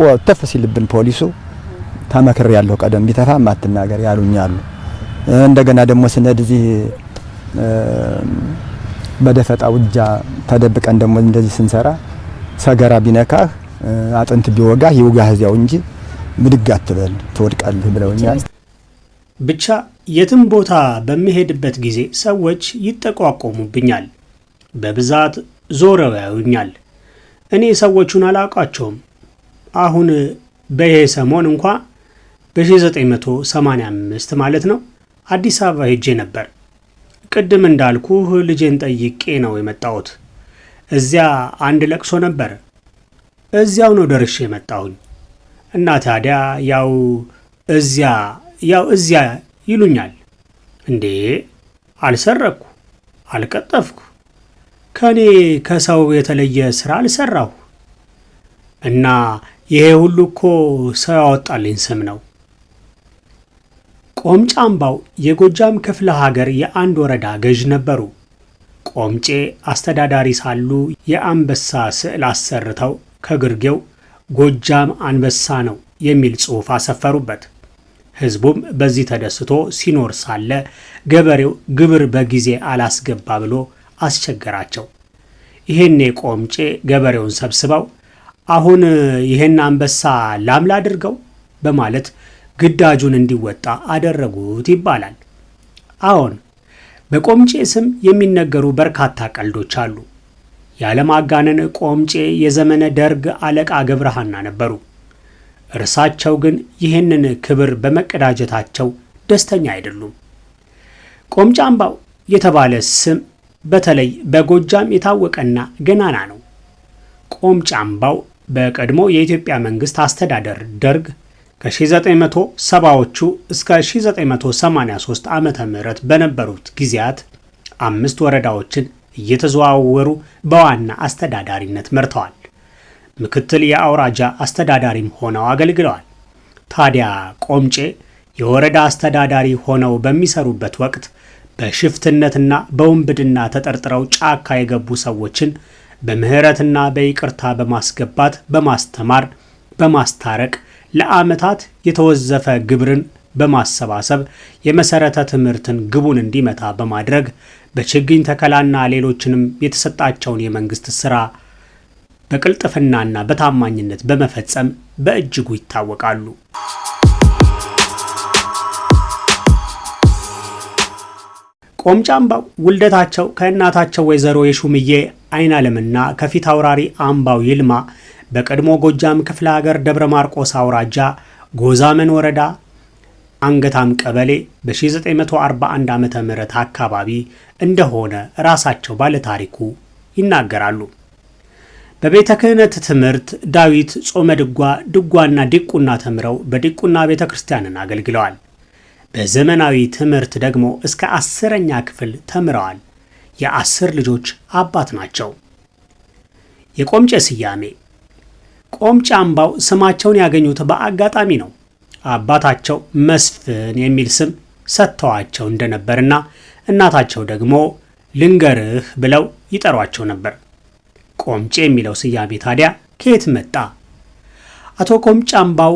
አውቆ ተፍ ሲልብን ፖሊሱ ተመክር ያለው ቀደም ቢተፋ ማትናገር ያሉኛሉ። እንደገና ደግሞ ስነድ እዚህ በደፈጣ ውጃ ተደብቀን ደግሞ እንደዚህ ስንሰራ ሰገራ ቢነካህ አጥንት ቢወጋህ ይውጋህ እዚያው እንጂ ምድግ አትበል ትወድቃልህ ብለውኛል። ብቻ የትም ቦታ በሚሄድበት ጊዜ ሰዎች ይጠቋቆሙብኛል፣ በብዛት ዞረው ያዩኛል። እኔ ሰዎቹን አላውቃቸውም አሁን በይሄ ሰሞን እንኳ በ1985 ማለት ነው አዲስ አበባ ሄጄ ነበር። ቅድም እንዳልኩህ ልጄን ጠይቄ ነው የመጣሁት። እዚያ አንድ ለቅሶ ነበር። እዚያው ነው ደርሼ የመጣሁኝ እና ታዲያ ያው እዚያ ያው እዚያ ይሉኛል እንዴ አልሰረቅኩ፣ አልቀጠፍኩ፣ ከእኔ ከሰው የተለየ ሥራ አልሰራሁ እና ይሄ ሁሉ እኮ ሰው ያወጣልኝ ስም ነው። ቆምጬ አምባው የጎጃም ክፍለ ሀገር የአንድ ወረዳ ገዥ ነበሩ። ቆምጬ አስተዳዳሪ ሳሉ የአንበሳ ስዕል አሰርተው ከግርጌው ጎጃም አንበሳ ነው የሚል ጽሑፍ አሰፈሩበት። ሕዝቡም በዚህ ተደስቶ ሲኖር ሳለ ገበሬው ግብር በጊዜ አላስገባ ብሎ አስቸገራቸው። ይሄኔ ቆምጬ ገበሬውን ሰብስበው አሁን ይሄን አንበሳ ላምላ አድርገው በማለት ግዳጁን እንዲወጣ አደረጉት ይባላል። አዎን በቆምጬ ስም የሚነገሩ በርካታ ቀልዶች አሉ። ያለማጋነን ቆምጬ የዘመነ ደርግ አለቃ ገብረሃና ነበሩ። እርሳቸው ግን ይህንን ክብር በመቀዳጀታቸው ደስተኛ አይደሉም። ቆምጫምባው አምባው የተባለ ስም በተለይ በጎጃም የታወቀና ገናና ነው። ቆምጫምባው አምባው በቀድሞ የኢትዮጵያ መንግስት አስተዳደር ደርግ ከ1970ዎቹ እስከ 1983 ዓ ም በነበሩት ጊዜያት አምስት ወረዳዎችን እየተዘዋወሩ በዋና አስተዳዳሪነት መርተዋል። ምክትል የአውራጃ አስተዳዳሪም ሆነው አገልግለዋል። ታዲያ ቆምጬ የወረዳ አስተዳዳሪ ሆነው በሚሰሩበት ወቅት በሽፍትነትና በውንብድና ተጠርጥረው ጫካ የገቡ ሰዎችን በምህረትና በይቅርታ በማስገባት በማስተማር በማስታረቅ ለዓመታት የተወዘፈ ግብርን በማሰባሰብ የመሰረተ ትምህርትን ግቡን እንዲመታ በማድረግ በችግኝ ተከላና ሌሎችንም የተሰጣቸውን የመንግስት ስራ በቅልጥፍናና በታማኝነት በመፈጸም በእጅጉ ይታወቃሉ። ቆምጫ ውልደታቸው ከእናታቸው ወይዘሮ የሹምዬ አይን አለምና ከፊት አውራሪ አምባው ይልማ በቀድሞ ጎጃም ክፍለ ሀገር ደብረ ማርቆስ አውራጃ ጎዛመን ወረዳ አንገታም ቀበሌ በ1941 ዓ ም አካባቢ እንደሆነ ራሳቸው ባለታሪኩ ይናገራሉ። በቤተ ክህነት ትምህርት ዳዊት ጾመ ድጓ፣ ድጓና ዲቁና ተምረው በዲቁና ቤተ ክርስቲያንን አገልግለዋል። በዘመናዊ ትምህርት ደግሞ እስከ አስረኛ ክፍል ተምረዋል። የአስር ልጆች አባት ናቸው። የቆምጨ ስያሜ ቆምጫ አምባው ስማቸውን ያገኙት በአጋጣሚ ነው። አባታቸው መስፍን የሚል ስም ሰጥተዋቸው እንደነበርና እናታቸው ደግሞ ልንገርህ ብለው ይጠሯቸው ነበር። ቆምጬ የሚለው ስያሜ ታዲያ ከየት መጣ? አቶ ቆምጫ አምባው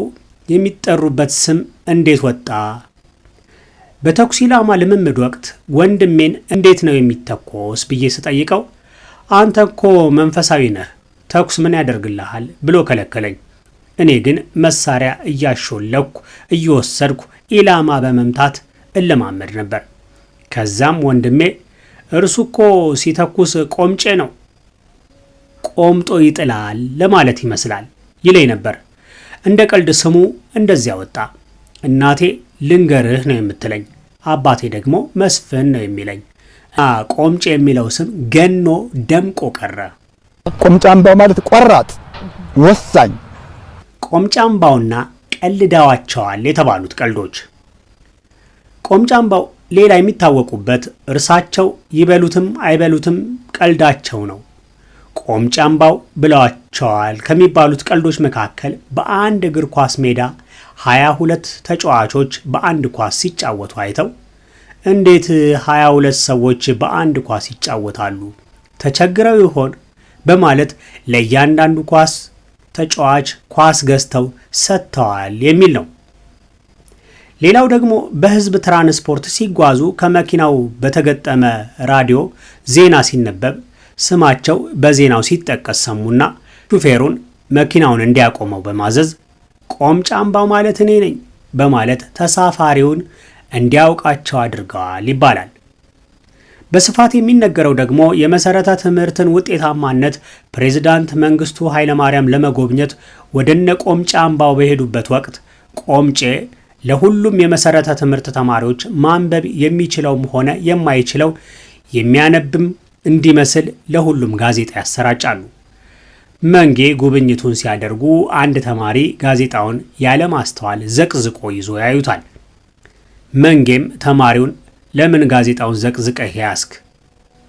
የሚጠሩበት ስም እንዴት ወጣ በተኩስ ኢላማ ልምምድ ወቅት ወንድሜን እንዴት ነው የሚተኮስ ብዬ ስጠይቀው አንተ እኮ መንፈሳዊ ነህ፣ ተኩስ ምን ያደርግልሃል ብሎ ከለከለኝ። እኔ ግን መሳሪያ እያሾለኩ እየወሰድኩ ኢላማ በመምታት እለማመድ ነበር። ከዛም ወንድሜ እርሱ እኮ ሲተኩስ ቆምጬ ነው፣ ቆምጦ ይጥላል ለማለት ይመስላል ይለኝ ነበር። እንደ ቀልድ ስሙ እንደዚያ ወጣ። እናቴ ልንገርህ ነው የምትለኝ። አባቴ ደግሞ መስፍን ነው የሚለኝ። ቆምጬ የሚለው ስም ገኖ ደምቆ ቀረ። ቆምጫምባው ማለት ቆራጥ፣ ወሳኝ። ቆምጫምባውና ቀልደዋቸዋል የተባሉት ቀልዶች ቆምጫምባው ሌላ የሚታወቁበት እርሳቸው ይበሉትም አይበሉትም ቀልዳቸው ነው። ቆምጫምባው ብለዋቸዋል ከሚባሉት ቀልዶች መካከል በአንድ እግር ኳስ ሜዳ ሀያ ሁለት ተጫዋቾች በአንድ ኳስ ሲጫወቱ አይተው እንዴት ሀያ ሁለት ሰዎች በአንድ ኳስ ይጫወታሉ ተቸግረው ይሆን በማለት ለእያንዳንዱ ኳስ ተጫዋች ኳስ ገዝተው ሰጥተዋል የሚል ነው። ሌላው ደግሞ በህዝብ ትራንስፖርት ሲጓዙ ከመኪናው በተገጠመ ራዲዮ ዜና ሲነበብ ስማቸው በዜናው ሲጠቀስ ሰሙና ሹፌሩን መኪናውን እንዲያቆመው በማዘዝ ቆምጫ አምባው ማለት እኔ ነኝ በማለት ተሳፋሪውን እንዲያውቃቸው አድርገዋል ይባላል። በስፋት የሚነገረው ደግሞ የመሰረተ ትምህርትን ውጤታማነት ፕሬዝዳንት መንግስቱ ኃይለማርያም ለመጎብኘት ወደነ ቆምጬ አምባው በሄዱበት ወቅት ቆምጬ ለሁሉም የመሰረተ ትምህርት ተማሪዎች ማንበብ የሚችለውም ሆነ የማይችለው የሚያነብም እንዲመስል ለሁሉም ጋዜጣ ያሰራጫሉ። መንጌ ጉብኝቱን ሲያደርጉ አንድ ተማሪ ጋዜጣውን ያለማስተዋል ዘቅዝቆ ይዞ ያዩታል። መንጌም ተማሪውን ለምን ጋዜጣውን ዘቅዝቀህ ያስክ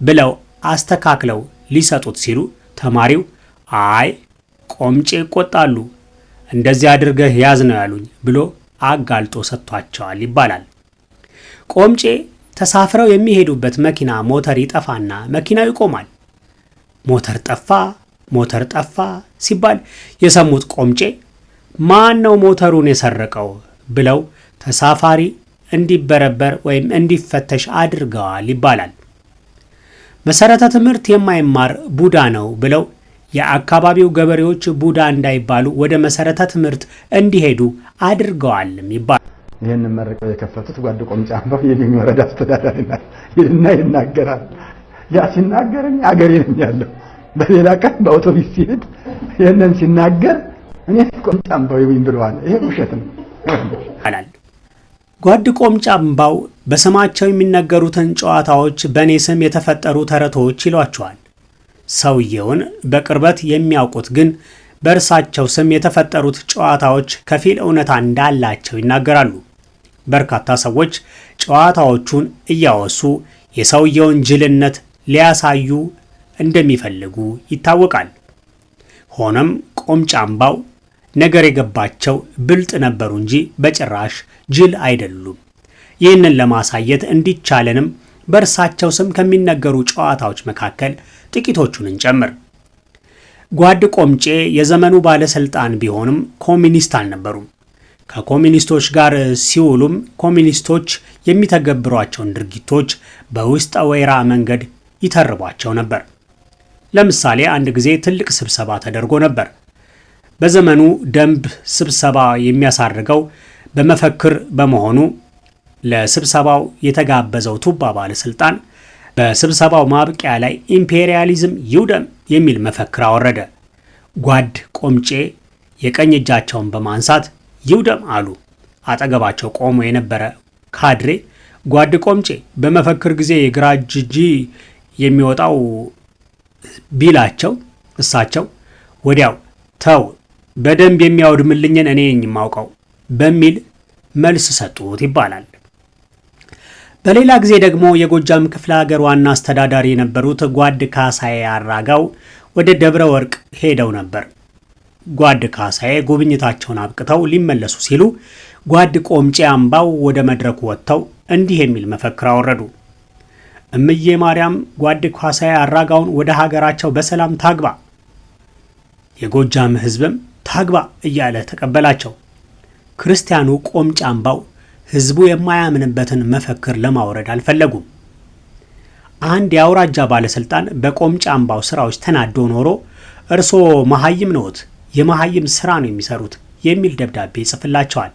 ብለው አስተካክለው ሊሰጡት ሲሉ ተማሪው አይ ቆምጬ ይቆጣሉ፣ እንደዚህ አድርገህ ያዝ ነው ያሉኝ ብሎ አጋልጦ ሰጥቷቸዋል ይባላል። ቆምጬ ተሳፍረው የሚሄዱበት መኪና ሞተር ይጠፋና መኪናው ይቆማል። ሞተር ጠፋ ሞተር ጠፋ ሲባል የሰሙት ቆምጬ ማን ነው ሞተሩን የሰረቀው ብለው ተሳፋሪ እንዲበረበር ወይም እንዲፈተሽ አድርገዋል ይባላል። መሰረተ ትምህርት የማይማር ቡዳ ነው ብለው የአካባቢው ገበሬዎች ቡዳ እንዳይባሉ ወደ መሰረተ ትምህርት እንዲሄዱ አድርገዋልም ይባላል። ይህን መርቀው የከፈቱት ጓድ ቆምጬ አምባው የልዩ ወረዳ አስተዳዳሪ ይልና ይናገራል። ያ ሲናገረኝ አገሬ ነኝ ያለው በሌላ ቀን በአውቶቡስ ሲሄድ ይህንን ሲናገር እኔ ቆምጫ አምባዊኝ ብለዋል። ይሄ ውሸት ነው አላል። ጓድ ቆምጫ አምባው በስማቸው የሚነገሩትን ጨዋታዎች በእኔ ስም የተፈጠሩ ተረቶች ይሏቸዋል። ሰውየውን በቅርበት የሚያውቁት ግን በእርሳቸው ስም የተፈጠሩት ጨዋታዎች ከፊል እውነታ እንዳላቸው ይናገራሉ። በርካታ ሰዎች ጨዋታዎቹን እያወሱ የሰውየውን ጅልነት ሊያሳዩ እንደሚፈልጉ ይታወቃል። ሆኖም ቆምጫምባው ነገር የገባቸው ብልጥ ነበሩ እንጂ በጭራሽ ጅል አይደሉም። ይህንን ለማሳየት እንዲቻለንም በእርሳቸው ስም ከሚነገሩ ጨዋታዎች መካከል ጥቂቶቹን እንጨምር። ጓድ ቆምጬ የዘመኑ ባለስልጣን ቢሆንም ኮሚኒስት አልነበሩም። ከኮሚኒስቶች ጋር ሲውሉም ኮሚኒስቶች የሚተገብሯቸውን ድርጊቶች በውስጠ ወይራ መንገድ ይተርቧቸው ነበር። ለምሳሌ አንድ ጊዜ ትልቅ ስብሰባ ተደርጎ ነበር። በዘመኑ ደንብ ስብሰባ የሚያሳርገው በመፈክር በመሆኑ ለስብሰባው የተጋበዘው ቱባ ባለስልጣን በስብሰባው ማብቂያ ላይ ኢምፔሪያሊዝም ይውደም የሚል መፈክር አወረደ። ጓድ ቆምጬ የቀኝ እጃቸውን በማንሳት ይውደም አሉ። አጠገባቸው ቆሞ የነበረ ካድሬ ጓድ ቆምጬ በመፈክር ጊዜ የግራ እጅ የሚወጣው ቢላቸው እሳቸው ወዲያው ተው በደንብ የሚያወድምልኝን እኔ ነኝ የማውቀው በሚል መልስ ሰጡት ይባላል። በሌላ ጊዜ ደግሞ የጎጃም ክፍለ ሀገር ዋና አስተዳዳሪ የነበሩት ጓድ ካሳዬ አራጋው ወደ ደብረ ወርቅ ሄደው ነበር። ጓድ ካሳዬ ጉብኝታቸውን አብቅተው ሊመለሱ ሲሉ ጓድ ቆምጬ አምባው ወደ መድረኩ ወጥተው እንዲህ የሚል መፈክር አወረዱ። እምዬ ማርያም ጓድ ኳሳ አራጋውን ወደ ሀገራቸው በሰላም ታግባ፣ የጎጃም ህዝብም ታግባ እያለ ተቀበላቸው። ክርስቲያኑ ቆም ጫምባው ህዝቡ የማያምንበትን መፈክር ለማውረድ አልፈለጉም። አንድ የአውራጃ ባለስልጣን በቆም ጫምባው ስራዎች ተናዶ ኖሮ እርሶ መሀይም ነዎት፣ የመሀይም ስራ ነው የሚሰሩት የሚል ደብዳቤ ይጽፍላቸዋል።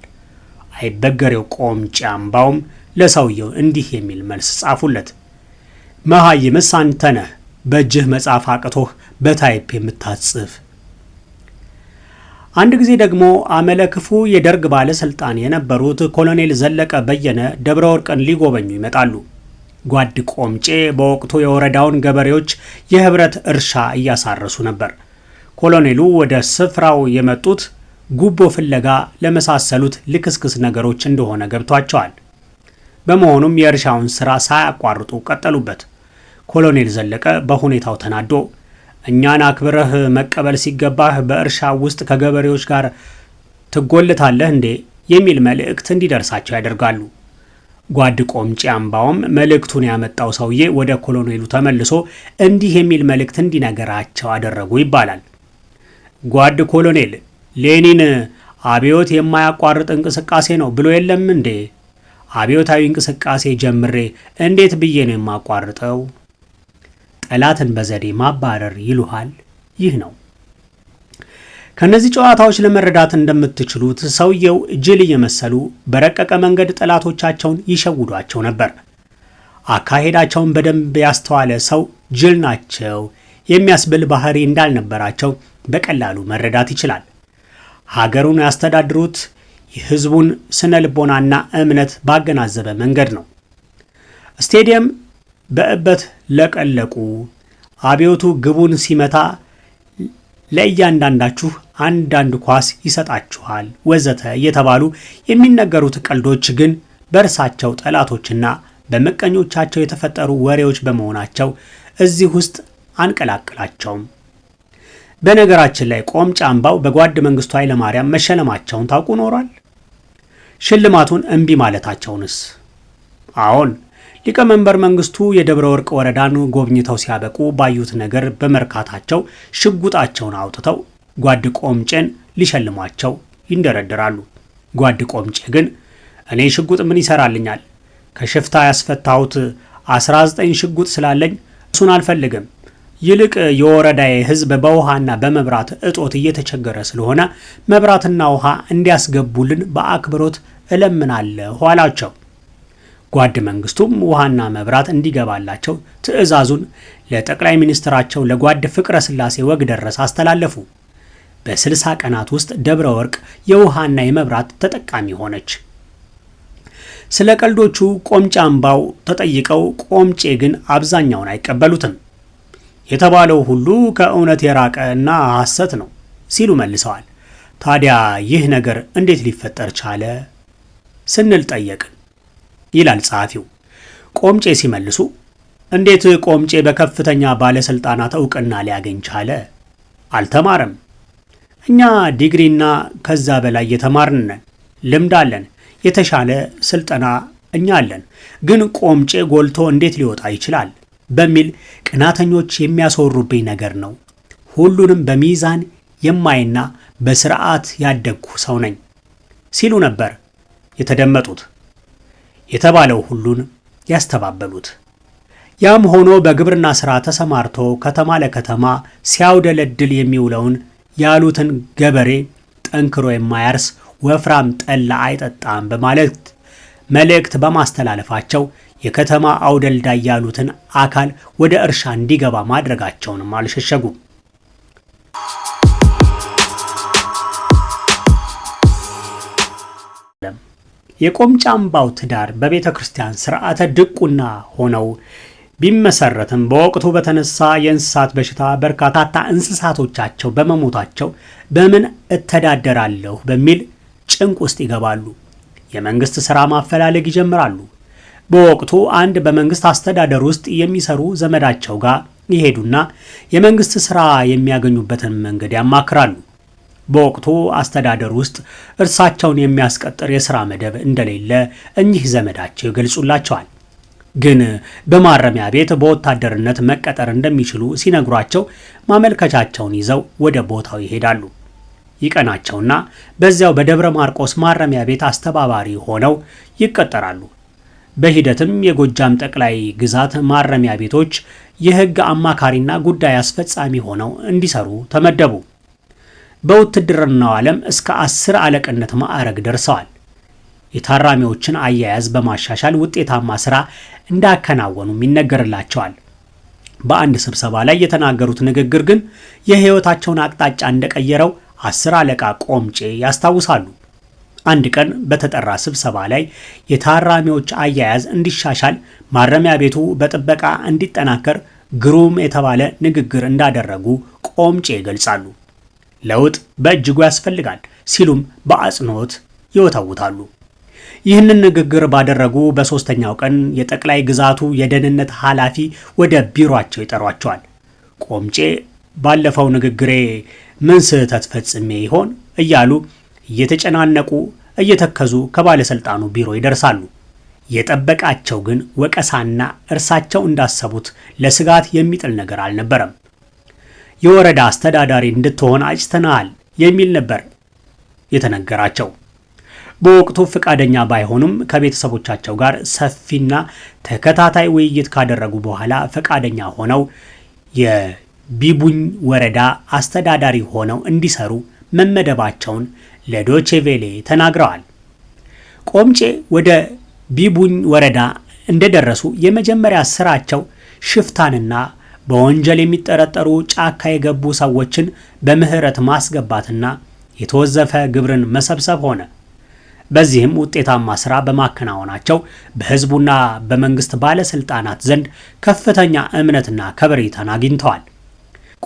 አይበገሬው ቆም ጫምባውም ለሰውየው እንዲህ የሚል መልስ ጻፉለት። መሐይምስ አንተ ነህ በእጅህ መጻፍ አቅቶህ በታይፕ የምታጽፍ። አንድ ጊዜ ደግሞ አመለክፉ የደርግ ባለሥልጣን የነበሩት ኮሎኔል ዘለቀ በየነ ደብረ ወርቅን ሊጎበኙ ይመጣሉ። ጓድ ቆምጬ በወቅቱ የወረዳውን ገበሬዎች የህብረት እርሻ እያሳረሱ ነበር። ኮሎኔሉ ወደ ስፍራው የመጡት ጉቦ ፍለጋ ለመሳሰሉት ልክስክስ ነገሮች እንደሆነ ገብቷቸዋል። በመሆኑም የእርሻውን ሥራ ሳያቋርጡ ቀጠሉበት። ኮሎኔል ዘለቀ በሁኔታው ተናዶ እኛን አክብረህ መቀበል ሲገባህ በእርሻ ውስጥ ከገበሬዎች ጋር ትጎልታለህ እንዴ የሚል መልእክት እንዲደርሳቸው ያደርጋሉ። ጓድ ቆምጪ አምባውም መልእክቱን ያመጣው ሰውዬ ወደ ኮሎኔሉ ተመልሶ እንዲህ የሚል መልእክት እንዲነገራቸው አደረጉ ይባላል። ጓድ ኮሎኔል ሌኒን አብዮት የማያቋርጥ እንቅስቃሴ ነው ብሎ የለም እንዴ አብዮታዊ እንቅስቃሴ ጀምሬ እንዴት ብዬ ነው የማቋርጠው? ጠላትን በዘዴ ማባረር ይሉሃል። ይህ ነው። ከነዚህ ጨዋታዎች ለመረዳት እንደምትችሉት ሰውየው ጅል እየመሰሉ በረቀቀ መንገድ ጠላቶቻቸውን ይሸውዷቸው ነበር። አካሄዳቸውን በደንብ ያስተዋለ ሰው ጅል ናቸው የሚያስብል ባህሪ እንዳልነበራቸው በቀላሉ መረዳት ይችላል። ሀገሩን ያስተዳድሩት የህዝቡን ስነ ልቦናና እምነት ባገናዘበ መንገድ ነው። ስቴዲየም በእበት ለቀለቁ፣ አብዮቱ ግቡን ሲመታ ለእያንዳንዳችሁ አንዳንድ ኳስ ይሰጣችኋል ወዘተ እየተባሉ የሚነገሩት ቀልዶች ግን በእርሳቸው ጠላቶችና በምቀኞቻቸው የተፈጠሩ ወሬዎች በመሆናቸው እዚህ ውስጥ አንቀላቅላቸውም። በነገራችን ላይ ቆም ጫምባው በጓድ መንግስቱ ኃይለማርያም መሸለማቸውን ታውቁ ኖሯል። ሽልማቱን እምቢ ማለታቸውንስ? አዎን ሊቀመንበር መንግስቱ የደብረ ወርቅ ወረዳን ጎብኝተው ሲያበቁ ባዩት ነገር በመርካታቸው ሽጉጣቸውን አውጥተው ጓድ ቆምጬን ሊሸልሟቸው ይንደረደራሉ። ጓድ ቆምጬ ግን እኔ ሽጉጥ ምን ይሰራልኛል? ከሽፍታ ያስፈታሁት 19 ሽጉጥ ስላለኝ እሱን አልፈልግም ይልቅ የወረዳዬ ሕዝብ በውሃና በመብራት እጦት እየተቸገረ ስለሆነ መብራትና ውሃ እንዲያስገቡልን በአክብሮት እለምናለሁ አላቸው። ጓድ መንግስቱም ውሃና መብራት እንዲገባላቸው ትዕዛዙን ለጠቅላይ ሚኒስትራቸው ለጓድ ፍቅረ ወግ ወግደረስ አስተላለፉ። በስልሳ ቀናት ውስጥ ደብረ ወርቅ የውሃና የመብራት ተጠቃሚ ሆነች። ስለ ቀልዶቹ ቆምጬ አምባው ተጠይቀው ቆምጬ ግን አብዛኛውን አይቀበሉትም። የተባለው ሁሉ ከእውነት የራቀ እና ሐሰት ነው ሲሉ መልሰዋል። ታዲያ ይህ ነገር እንዴት ሊፈጠር ቻለ ስንል ጠየቅን ይላል ጸሐፊው። ቆምጬ ሲመልሱ እንዴት ቆምጬ በከፍተኛ ባለሥልጣናት ዕውቅና ሊያገኝ ቻለ? አልተማረም። እኛ ዲግሪና ከዛ በላይ የተማርን ነን፣ ልምድ አለን፣ የተሻለ ስልጠና እኛ አለን። ግን ቆምጬ ጎልቶ እንዴት ሊወጣ ይችላል? በሚል ቅናተኞች የሚያስወሩብኝ ነገር ነው። ሁሉንም በሚዛን የማይና በስርዓት ያደግኩ ሰው ነኝ ሲሉ ነበር የተደመጡት የተባለው ሁሉን ያስተባበሉት። ያም ሆኖ በግብርና ሥራ ተሰማርቶ ከተማ ለከተማ ሲያውደለድል የሚውለውን ያሉትን ገበሬ ጠንክሮ የማያርስ ወፍራም ጠላ አይጠጣም በማለት መልእክት በማስተላለፋቸው የከተማ አውደልዳ ያሉትን አካል ወደ እርሻ እንዲገባ ማድረጋቸውንም አልሸሸጉም። የቆምጫ አምባው ትዳር በቤተ ክርስቲያን ስርዓተ ድቁና ሆነው ቢመሰረትም በወቅቱ በተነሳ የእንስሳት በሽታ በርካታታ እንስሳቶቻቸው በመሞታቸው በምን እተዳደራለሁ በሚል ጭንቅ ውስጥ ይገባሉ። የመንግስት ሥራ ማፈላለግ ይጀምራሉ። በወቅቱ አንድ በመንግስት አስተዳደር ውስጥ የሚሰሩ ዘመዳቸው ጋር ይሄዱና የመንግስት ስራ የሚያገኙበትን መንገድ ያማክራሉ። በወቅቱ አስተዳደር ውስጥ እርሳቸውን የሚያስቀጥር የስራ መደብ እንደሌለ እኚህ ዘመዳቸው ይገልጹላቸዋል። ግን በማረሚያ ቤት በወታደርነት መቀጠር እንደሚችሉ ሲነግሯቸው ማመልከቻቸውን ይዘው ወደ ቦታው ይሄዳሉ። ይቀናቸውና በዚያው በደብረ ማርቆስ ማረሚያ ቤት አስተባባሪ ሆነው ይቀጠራሉ። በሂደትም የጎጃም ጠቅላይ ግዛት ማረሚያ ቤቶች የህግ አማካሪና ጉዳይ አስፈጻሚ ሆነው እንዲሰሩ ተመደቡ። በውትድርናው ዓለም እስከ አስር አለቅነት ማዕረግ ደርሰዋል። የታራሚዎችን አያያዝ በማሻሻል ውጤታማ ሥራ እንዳከናወኑም ይነገርላቸዋል። በአንድ ስብሰባ ላይ የተናገሩት ንግግር ግን የሕይወታቸውን አቅጣጫ እንደቀየረው አስር አለቃ ቆምጬ ያስታውሳሉ። አንድ ቀን በተጠራ ስብሰባ ላይ የታራሚዎች አያያዝ እንዲሻሻል ማረሚያ ቤቱ በጥበቃ እንዲጠናከር ግሩም የተባለ ንግግር እንዳደረጉ ቆምጬ ይገልጻሉ። ለውጥ በእጅጉ ያስፈልጋል ሲሉም በአጽንኦት ይወታውታሉ። ይህንን ንግግር ባደረጉ በሦስተኛው ቀን የጠቅላይ ግዛቱ የደህንነት ኃላፊ ወደ ቢሮአቸው ይጠሯቸዋል። ቆምጬ ባለፈው ንግግሬ ምን ስህተት ፈጽሜ ይሆን እያሉ እየተጨናነቁ እየተከዙ ከባለሥልጣኑ ቢሮ ይደርሳሉ። የጠበቃቸው ግን ወቀሳና እርሳቸው እንዳሰቡት ለስጋት የሚጥል ነገር አልነበረም። የወረዳ አስተዳዳሪ እንድትሆን አጭተናል የሚል ነበር የተነገራቸው። በወቅቱ ፈቃደኛ ባይሆኑም ከቤተሰቦቻቸው ጋር ሰፊና ተከታታይ ውይይት ካደረጉ በኋላ ፈቃደኛ ሆነው የቢቡኝ ወረዳ አስተዳዳሪ ሆነው እንዲሰሩ መመደባቸውን ለዶቼቬሌ ተናግረዋል። ቆምጬ ወደ ቢቡኝ ወረዳ እንደደረሱ የመጀመሪያ ስራቸው ሽፍታንና በወንጀል የሚጠረጠሩ ጫካ የገቡ ሰዎችን በምህረት ማስገባትና የተወዘፈ ግብርን መሰብሰብ ሆነ። በዚህም ውጤታማ ስራ በማከናወናቸው በህዝቡና በመንግስት ባለስልጣናት ዘንድ ከፍተኛ እምነትና ከበሬታን አግኝተዋል።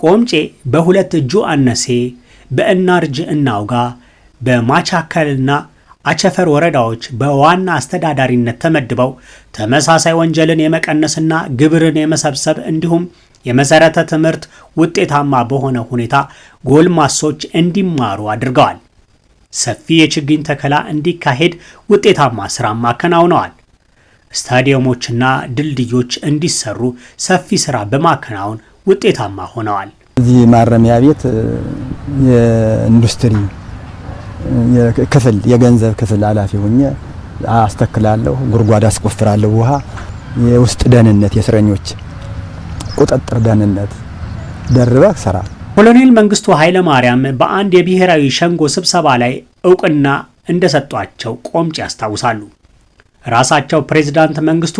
ቆምጬ በሁለት እጁ አነሴ፣ በእናርጅ እናውጋ፣ በማቻከልና አቸፈር ወረዳዎች በዋና አስተዳዳሪነት ተመድበው ተመሳሳይ ወንጀልን የመቀነስና ግብርን የመሰብሰብ እንዲሁም የመሰረተ ትምህርት ውጤታማ በሆነ ሁኔታ ጎልማሶች እንዲማሩ አድርገዋል። ሰፊ የችግኝ ተከላ እንዲካሄድ ውጤታማ ስራም አከናውነዋል። ስታዲየሞችና ድልድዮች እንዲሰሩ ሰፊ ስራ በማከናወን ውጤታማ ሆነዋል። እዚህ ማረሚያ ቤት የኢንዱስትሪ ክፍል የገንዘብ ክፍል ኃላፊ ሆኜ አስተክላለሁ፣ ጉድጓድ አስቆፍራለሁ፣ ውሃ፣ የውስጥ ደህንነት፣ የእስረኞች ቁጥጥር ደህንነት ደርበ ሰራ። ኮሎኔል መንግስቱ ኃይለማርያም በአንድ የብሔራዊ ሸንጎ ስብሰባ ላይ እውቅና እንደሰጧቸው ቆምጭ ያስታውሳሉ። ራሳቸው ፕሬዝዳንት መንግስቱ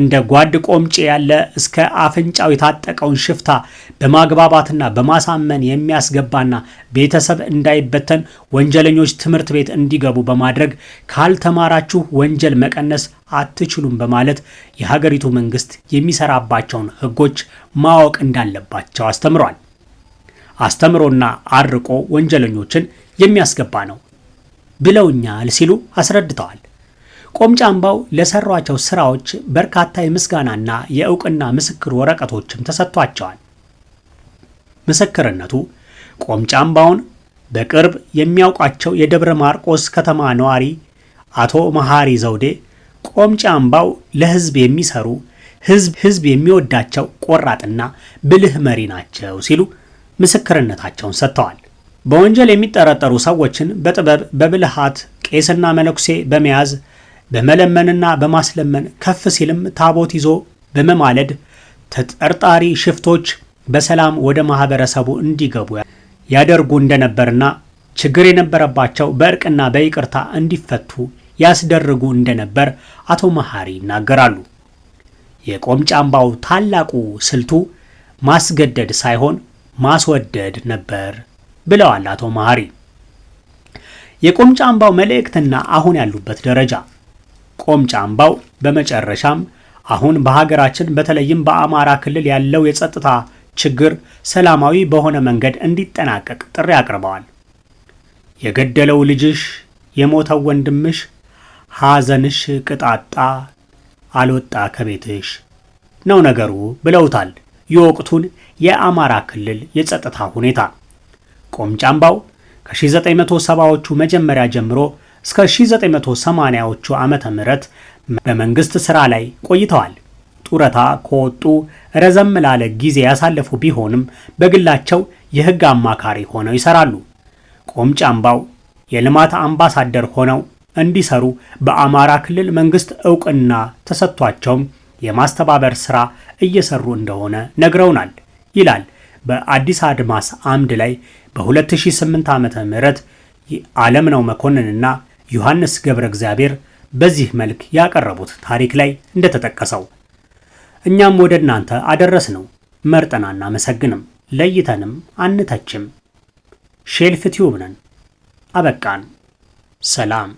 እንደ ጓድ ቆምጬ ያለ እስከ አፍንጫው የታጠቀውን ሽፍታ በማግባባትና በማሳመን የሚያስገባና ቤተሰብ እንዳይበተን ወንጀለኞች ትምህርት ቤት እንዲገቡ በማድረግ ካልተማራችሁ ወንጀል መቀነስ አትችሉም በማለት የሀገሪቱ መንግስት የሚሰራባቸውን ህጎች ማወቅ እንዳለባቸው አስተምሯል። አስተምሮና አርቆ ወንጀለኞችን የሚያስገባ ነው ብለውኛል ሲሉ አስረድተዋል። ቆምጫምባው ለሰሯቸው ስራዎች በርካታ የምስጋናና የእውቅና ምስክር ወረቀቶችም ተሰጥቷቸዋል። ምስክርነቱ ቆምጫምባውን በቅርብ የሚያውቋቸው የደብረ ማርቆስ ከተማ ነዋሪ አቶ መሐሪ ዘውዴ ቆምጫምባው ለህዝብ የሚሰሩ ህዝብ ህዝብ የሚወዳቸው ቆራጥና ብልህ መሪ ናቸው ሲሉ ምስክርነታቸውን ሰጥተዋል። በወንጀል የሚጠረጠሩ ሰዎችን በጥበብ በብልሃት ቄስና መነኩሴ በመያዝ በመለመንና በማስለመን ከፍ ሲልም ታቦት ይዞ በመማለድ ተጠርጣሪ ሽፍቶች በሰላም ወደ ማህበረሰቡ እንዲገቡ ያደርጉ እንደነበርና ችግር የነበረባቸው በእርቅና በይቅርታ እንዲፈቱ ያስደርጉ እንደነበር አቶ መሐሪ ይናገራሉ። የቆምጫምባው ታላቁ ስልቱ ማስገደድ ሳይሆን ማስወደድ ነበር ብለዋል አቶ መሐሪ። የቆምጫምባው መልእክትና አሁን ያሉበት ደረጃ ቆምጫ አምባው። በመጨረሻም አሁን በሀገራችን በተለይም በአማራ ክልል ያለው የጸጥታ ችግር ሰላማዊ በሆነ መንገድ እንዲጠናቀቅ ጥሪ አቅርበዋል። የገደለው ልጅሽ፣ የሞተው ወንድምሽ፣ ሐዘንሽ ቅጣጣ አልወጣ ከቤትሽ ነው ነገሩ ብለውታል የወቅቱን የአማራ ክልል የጸጥታ ሁኔታ። ቆምጫምባው ከ1970ዎቹ መጀመሪያ ጀምሮ እስከ 1980ዎቹ ዓመተ ምህረት በመንግስት ስራ ላይ ቆይተዋል። ጡረታ ከወጡ ረዘም ላለ ጊዜ ያሳለፉ ቢሆንም በግላቸው የህግ አማካሪ ሆነው ይሰራሉ። ቆምጫምባው አምባው የልማት አምባሳደር ሆነው እንዲሰሩ በአማራ ክልል መንግስት እውቅና ተሰጥቷቸውም የማስተባበር ስራ እየሰሩ እንደሆነ ነግረውናል ይላል በአዲስ አድማስ አምድ ላይ በ2008 ዓ.ም ዓለም ነው መኮንንና ዮሐንስ ገብረ እግዚአብሔር በዚህ መልክ ያቀረቡት ታሪክ ላይ እንደተጠቀሰው እኛም ወደ እናንተ ነው። መርጠን አናመሰግንም፣ ለይተንም አንተችም። ሼልፍ ቲዩብ ነን። አበቃን። ሰላም